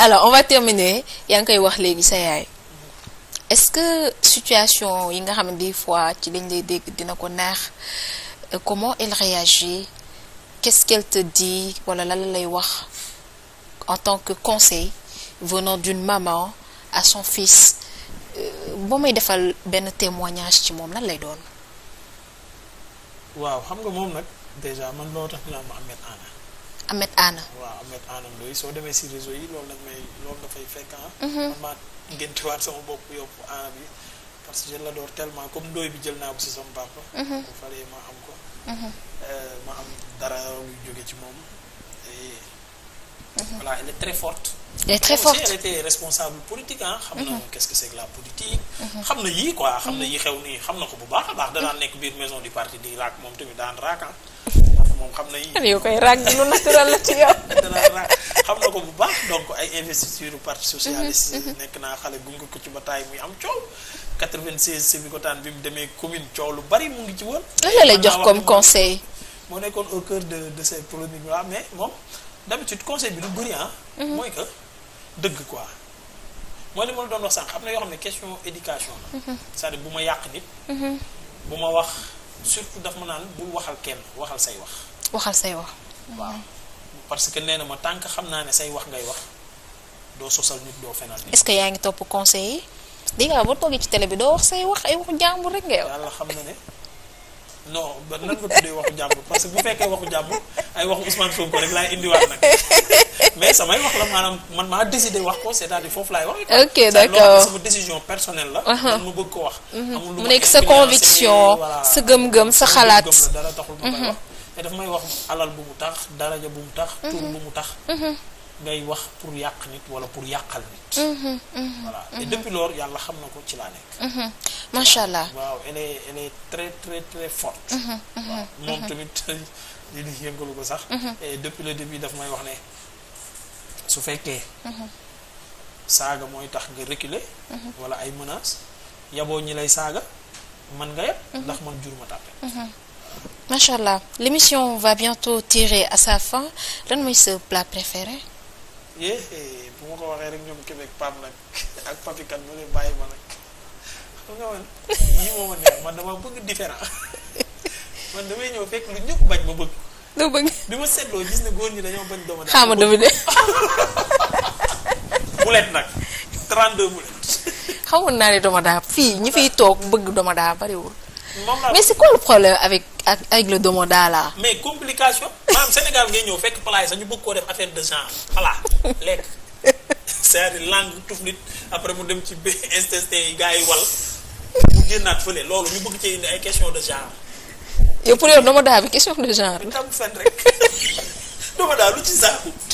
alors on va terminer yaa ngi koy wax léegi sa yaay est-ce que situation yi nga xam ne des fois ci lañ lay dégg dina ko naax euh, comment elle réagit qu'est-ce qu'elle te dit wala lan lay wax en tant que conseil venant d'une maman à son fils euh, boo may defal benn témoignage ci moom lan lay doon. waaw Ahmed Anna. waaw Ahmed Anna Ndoye soo demee si réseau yi loolu nag may loolu dafay fay fekk ah. Mhm. man maa ngéntiwaat sama bopp yóbbu Anna bi parce que la l'adore tellement comme dooy bi jël naa ko si sama papa. bu mhm. falee ma ko. Mhm. Euh, ma am dara lu jóge ci moom. voilà elle est très forte. elle est très forte aussi elle responsable politique ah. xam na qu'est-ce que c'est la politique. xam na yii quoi xam na yi xew nii xam na ko bu baax a baax. danaan nekk biir maison di parti di raak moom tamit daan raak ah. moom xam na yi yow koy ràgg lu naturel la ci yow xam na ko bu baax donc ay investiture parti socialiste mm-hmm, mm-hmm. nekk naa xale gunge ko ci bataay muy am bi mu demee commune coow lu bari mu ngi ci woon lan la lay comme conseil moo nekkoon au cœur de de ces polémiques là mais moom d'habitude conseil bi du bëri ah mooy que dëgg quoi mooy li ma doon wax sànq am na yoo xam ne question éducation la mm-hmm. cest à bu ma yàq nit bu ma wax surtout daf ma naan bul waxal kenn waxal say wax. waxal say wax. waaw parce que nee na ma tant que xam naa ne say wax ngay wax doo sosal nit doo fenal nit. est que yaa ngi topp conseil yi. di nga boo toogee ci télé bi doo wax say wax ay waxu jàmbur rek ngay wax. yàlla xam na ne non ba nan nga tuddee waxu jàmbur parce que bu fekkee waxu jàmbur ay waxu Ousmane Sonko rek laay indiwaat nag. mais samay wax la maanaam man maa décidé wax ko c'est-à-dire foofu laay waxee. ok d'accord sama décision personnelle la. Uh-huh. man bëgg ko wax. Mm-hmm. lu mu nekk sa conviction sa gëm-gëm sa xalaat. dara taxul ma koy mm-hmm. wax mais daf may wax alal bu mu tax daraja bu mu tax. tur bu mu tax. Mm-hmm. ngay wax pour yàq nit wala pour yàqal nit. voilà et yàlla xam na ko ci laa nekk. macha allah waaw elle est elle très très très forte. moom tamit li di yëngalu ko sax. et le début daf may wax ne. su fekkee saaga mooy tax nga reculer wala ay menaces yaboo ñi lay saaga man nga yab ndax man jur ma tàppe allah l'émission va bientôt tirer à sa fin lan plat préféré eh, eh, bu ma ko waxee rek ñoom Québec pam nag ak papikan mu leen bàyyi ma nag xam nga man man dama bëgg différent man damay ñëw fekk lu ñëpp bañ ma bëgg loo bëgg. bi ma seetloo gis ne góor ñi dañoo bañ doomu. xaaral ma dama de. mulet nag naa ne doomu fii ñi fiy toog bëgg doomu bariwul. mais c'est quoi le problème avec ak ay le domoda là. mais complication maanaam Sénégal ngay ñëw fekk palaay sax ñu bëgg koo def affaire de genre voilà lekk cest à langue tuf nit après mu dem ci BSTT yi gars yi wal mu génnaat fële loolu ñu bëgg ci indi ay question de genre. yow pour yow dama daa bi question de genre. lu ci saabu.